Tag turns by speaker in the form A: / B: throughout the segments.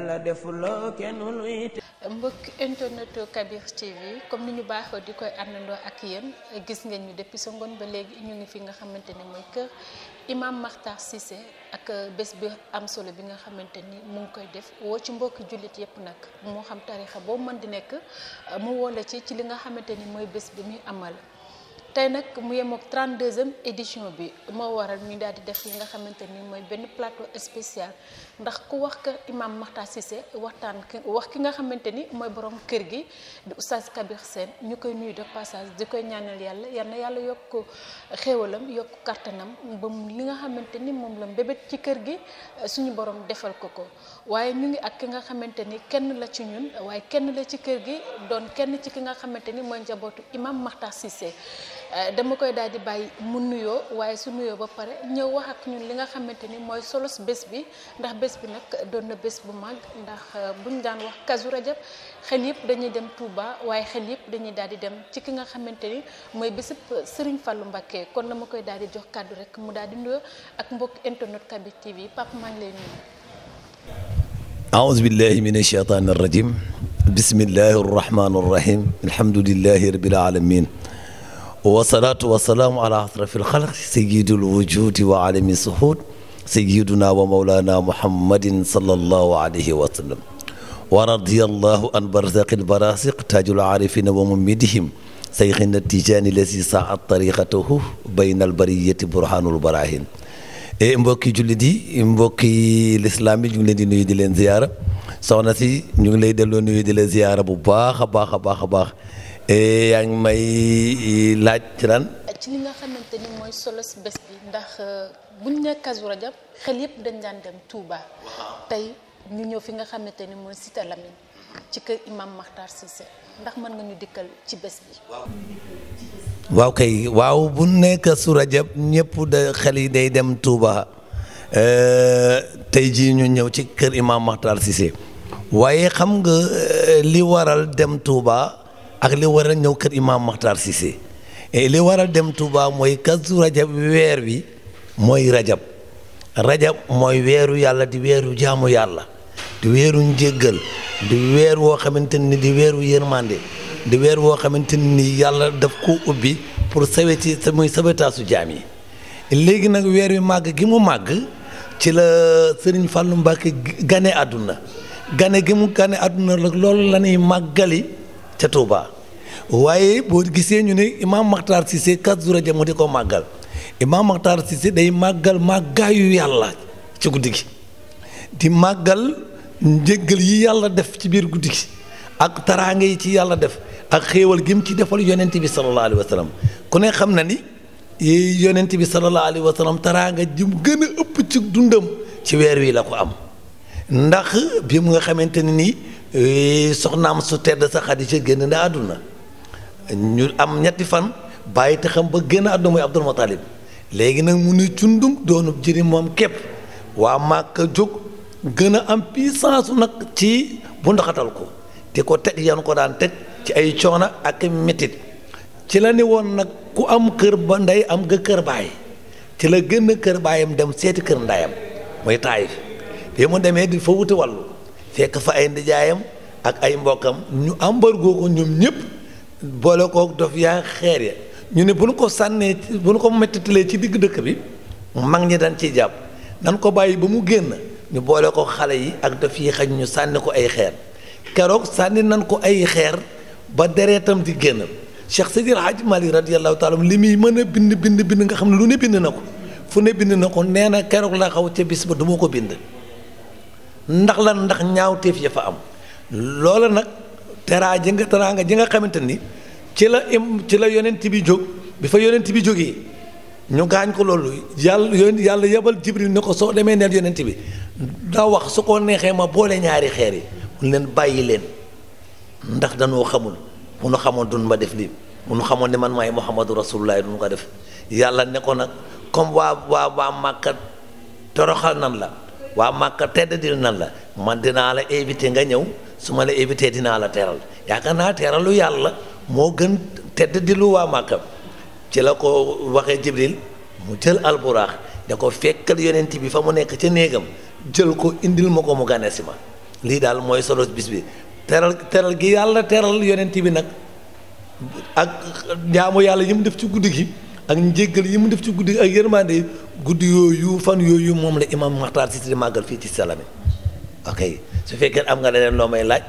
A: yàlla defuloo kenn luy te mbokk internet Kabir TV comme ni ñu baaxoo di koy àndandoo ak yéen gis ngeen ñu depuis sa ngoon ba léegi ñu ngi fi nga xamante ni mooy kër Imam Makhtar Cissé ak bés bi am solo bi nga xamante ni mu ngi koy def woo ci mbokki jullit yépp nag moo xam tarixa boo mën di nekk mu woo ci ci li nga xamante ni mooy bés bi muy amal tey nag mu yem ak 32e édition bi moo waral ñu daal di def li nga xamante ni mooy benn plateau espécial ndax ku wax ka imam Makhtar waxtaan wax ki nga xamante ni mooy borom kër gi di oustaz Kabir ñu koy nuyu de passage di koy ñaanal yàlla yal na yàlla yokk xéewalam yokk kattanam ba li nga xamante ni moom la mbébét ci kër gi suñu borom defal ko ko waaye ñu ngi ak ki nga xamante ni kenn la ci ñun waaye kenn la ci kër gi doon kenn ci ki nga xamante ni mooy njabootu imam Makhtar Cissé. Euh, dama koy daal di bàyyi mu nuyoo waaye su nuyoo ba pare ñëw wax ak ñun li nga xamante ni mooy solos bés bi ndax bés bi nag doon na bés bu mag ndax euh, buñ daan wax Kazu Rajab xel yëpp dañuy dem Touba waaye xel yëpp dañuy daal di dem ci ki nga xamante ni mooy bésub Serigne fallu mbakke kon dama koy daal di jox kàddu rek mu daal di nuyoo ak mbokk internet Kabir TV Pape maa ngi lay nuyu.
B: aouzu billahi min acheytaani rajim bismillahi rahmaani rahim alhamdulillahi rabbil alamin wasalaatu wasalaamu ala asrafil xalq sayyidul wujudi wa alami suhud sayyiduna wa mawlana muhammadin sallallahu alayhi wa sallam wa radiyallahu an barzaqil barasiq taajul arifina wa mumidihim sayxina tijaani lasi saat tariqatahu bayna al bariyati burhanul barahin e mbokki jullit yi mbokki lislaam yi ñu ngi leen di nuyu di leen ziyaara soxna si ñu ngi lay delloo nuyu di la ziyaara bu baax a baax a baax a baax Eh, yaa ngi may eh, laaj ci lan. ci li nga xamante ni mooy solos bés bi ndax eh,
A: buñ ne Kazu xel yëpp dañ daan dem Touba. tey ñu ñëw fi nga xamante ni mooy Cité Lamine ci kër imam Makhtar Cissé ndax mën nga ñu dikkal ci bés
B: waaw kay waaw bu ne Kazu ñëpp da xel yi day dem Touba tey jii ñu ñëw ci kër imam Makhtar waaye xam nga li waral dem Touba. ak li war a ñëw kër imaam Makhtar Cissé li war a dem Touba mooy kazu rajab weer wi mooy rajab rajab mooy weeru yàlla di weeru jaamu yàlla di weeru njéggal di weer woo xamante ni di weeru yërmande di weer woo xamante ni yàlla daf ko ubbi pour sawe ci muy sawetaasu jaam yi léegi nag weer wi màgg gi mu màgg ci la Serigne fàllu Mbacke gane àdduna gane gi mu gane àdduna loolu la ñuy màggali ca Touba waaye boo gisee ñu ne imaam Makhtar Cissé Kazu mu di ko màggal imaam Makhtar Cissé day màggal màggaayu yàlla ci guddi gi di màggal njëggal yi yàlla def ci biir guddi gi ak taraanga yi ci yàlla def ak xéewal gi mu ci defal yonent bi sallallahu alayhi wa sallam ku ne xam na ni yonent bi sallallahu alayhi wa sallam taraanga ji mu gën a ëpp ci dundam ci weer wi la ko am ndax bi mu nga xamante ne nii Eh, soxnaam su tedd sa Xadija génn na àdduna ñu am ñetti fan bàyyi te xam ba génn àdduna mooy Abdul Muttalib léegi nag mu ni cundum doonub jëri moom képp waa Màkka jóg gën a am puissance nag ci bu ndoxatal ko di ko teg yan ko daan teg ci ay coono ak métit ci la ne woon nag ku am kër ba ndey am nga kër baay ci la gën génn kër baayam dem seeti kër ndayam mooy taayif bi mu demee di fa wuti wàllu fekk fa ay ndijaayam ak ay mbokkam ñu embargo ko ñoom ñëpp boole ko dof yaa xeer ya ñu ne bu nu ko sànnee bu nu ko mettitalee ci digg dëkk bi mag ñi dañ ciy jàpp dañ ko bàyyi ba mu génn ñu boole ko xale yi ak dof yi xaj ñu sànni ko ay xeer keroog sànni nan ko ay xeer ba dereetam di génn Cheikh Seydi El Hadji Malick radiyallahu taala li muy mën a bind bind bind nga xam ne lu ne bind na ko fu ne bind na ko nee na keroog la xaw ca bis ba du ko bind ndax lan ndax ñaawteef ya fa am loola nag teraa ji nga teraanga ji nga xamante ni ci la ci la yonent bi jóg bi fa yonent bi jógee ñu gaañ ko loolu yàlla yàlla yebal jibril ne ko soo demee neel yonent bi daa wax su ko neexee ma boole ñaari xeer yi mun leen bàyyi leen ndax danoo xamul bu nu xamoon dun ma def lii bu nu xamoon ne man maay muhammadu rasulullah duñu ko def yàlla ne ko nag comme waa waa waa màkka toroxal nan la waa Màkka tedd dil nan la man dinaa la éviter nga ñëw su ma la éviter dinaa la teral yaakaar naa teralu yàlla moo gën tedd dilu waa Màkka ci la ko waxee Jibril mu jël alburaax da ko fekkal yonent bi fa mu nekk ca néegam jël ko indil ma ko mu gane si ma lii daal mooy solo bis bi teral teral gi yàlla teral yonent bi nag ak jaamu yàlla yi mu def ci guddi gi ak njéggal yi mu def ci guddi ak yërmande yi guddi yooyu fan yooyu moom la imam Maxtaar Cissé di màggal fii ci Salamé ok su fekkee am nga leneen loo may laaj.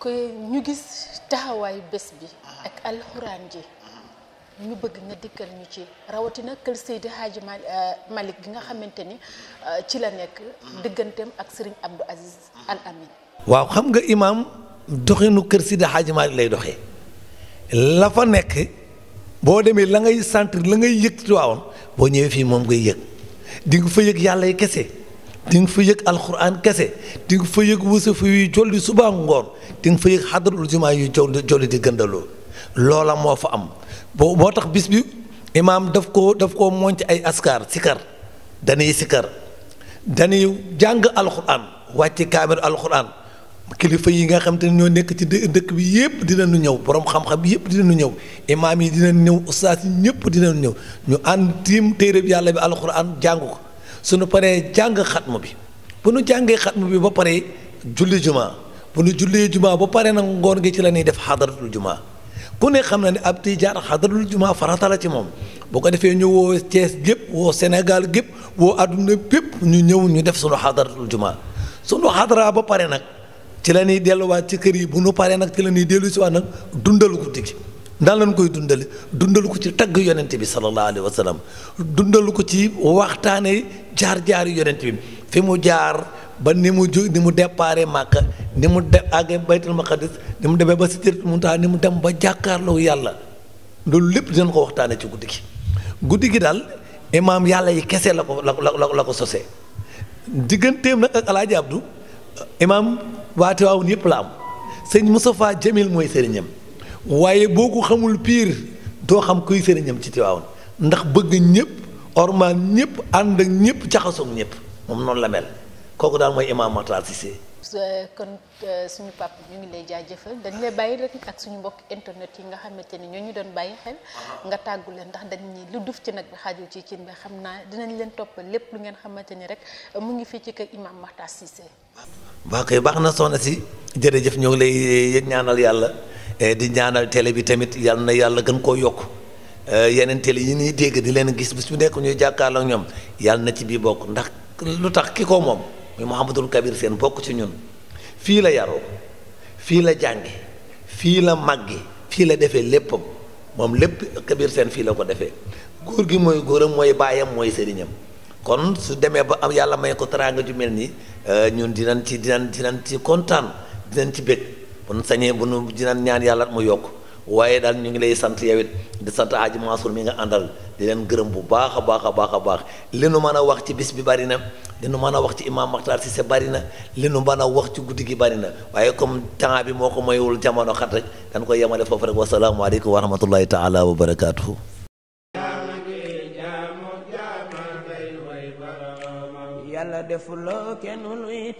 A: que ñu gis taxawaayu bés bi ak alxuraan ji ñu bëgg nga dikkal ñu ci rawatina kër Seydi Hadji euh, Malick gi nga xamante ni euh, ci la nekk digganteem ak sëriñ Abdou Aziz Al
B: waaw xam nga imaam doxinu kër Seydi Hadji Malick lay doxe la fa nekk. boo demee la ngay sentir la ngay yëg Tiwaawan boo ñëwee fii moom ngay yëg di fa yëg yàlla yi kese dinga nga fa yëg alxuraan kese di fa yëg wasafu yuy jolli subaa ngoon di nga fa yëg xadaratul jumaa yuy jolli jolli di gëndaloo loola moo fa am boo moo tax bis bi imaam daf ko daf koo monc ay askar sikar dañuy sikar dañuy jàng alxuraan wàcce kaamir alxuraan kilifa yi nga xam te ne ñoo nekk ci dëkk bi yëpp dinañu ñëw borom xam-xam yëpp dinañu ñëw imaam yi dinañu ñëw ustaas yi ñëpp dinañu ñëw ñu ànd tiim téere bi yàlla bi alxuraan jàng ko suñu paree jàng xatma bi bu nu jàngee xatma bi ba pare julli jumaa bu nu jullee jumaa ba pare nag ngoon gi ci la ñuy def xadaratul jumaa ku ne xam na ne ab tijaan xadaratul jumaa farata la ci moom boo ko defee ñëwoo woo Thiès gépp woo senegal gépp woo àdduna bépp ñu ñëw ñu def suñu xadaratul jumaa ci la ñuy delluwaat ci kër yi bu nu paree nag ci la nuy dellu si waat nag dundal guddi gi ndax lañ koy dundale dundalu ko ci tagg yonent bi sallallahu alayhi wa sallam dundal ko ci waxtaane jaar-jaar yonent bi fi mu jaar ba ni mu ju ni mu déparé Màkka ni mu de àggee baytul maqadis ni mu demee ba Sidratul Muntaha ni mu dem ba jàkkaarloo yàlla loolu lépp dinañ ko waxtaane ci guddi gi guddi gi daal imaam yàlla yi kese la ko la ko la ko sosee digganteem nag imaam waa Tiwaawan yëpp la am sëñ Moustapha Jamil mooy sëriñam waaye boo ko xamul piir doo xam kuy sëriñam ci Tiwaawan ndax bëgg ñëpp ormaan ñëpp ànd ak ñëpp jaxasoo ñëpp moom noonu la mel kooku daal mooy imaam Makhtar Cissé
A: Euh, kon euh, suñu pap ñu ngi lay jaajëfal dañ lay bàyyi rek ak suñu mbokk internet yi nga xamante ni ñoo ñu doon bàyyi uh-huh. nga tàggu leen ndax dañ ñi lu duf ci nag bi xaaju ci cin bi xam naa dinañ leen toppal lépp lu ngeen xamante ni rek mu ngi fii ci kër Imam Makhtar Cissé
B: waaw kay baax na soxna si jërëjëf ñoo ngi lay eh, ñaanal yàlla eh, di ñaanal télé bi tamit yàlla na yàlla gën koo yokk eh, yeneen télé yi ñuy dégg di leen gis bis bu nekk ñuy jàkkaarloo ak ñoom yàlla na ci bii bokk ndax lu tax ki ko moom mu Mouhamadul Kabir seen bokk ci ñun fii la yaroo fii la jànge fii la màgge fii la defee léppam moom lépp Kabir seen fii la ko defee góor gi mooy góoram mooy baayam mooy sëriñam kon su demee ba am yàlla may ko teraanga ju mel nii euh, ñun dinañ ci dinañ dinañ ci kontaan dinañ ci bég bu nu sañee bu nu dinañ ñaan yàlla mu yokk. waaye daal ñu ngi lay sant yow it di sant Aji Mansour mi nga àndal di leen gërëm bu baax a baax a baax a baax li nu mën a wax ci bis bi bari na li nu mën a wax ci Imam Makhtar Cissé bari na li nu mën a wax ci guddi gi bari na waaye comme temps bi moo ko mayul jamono xat rek dañ koy yemale foofu rek wasalaamaaleykum wa rahmatullahi taala wa barakaatuhu
A: yàlla defuloo kenn luy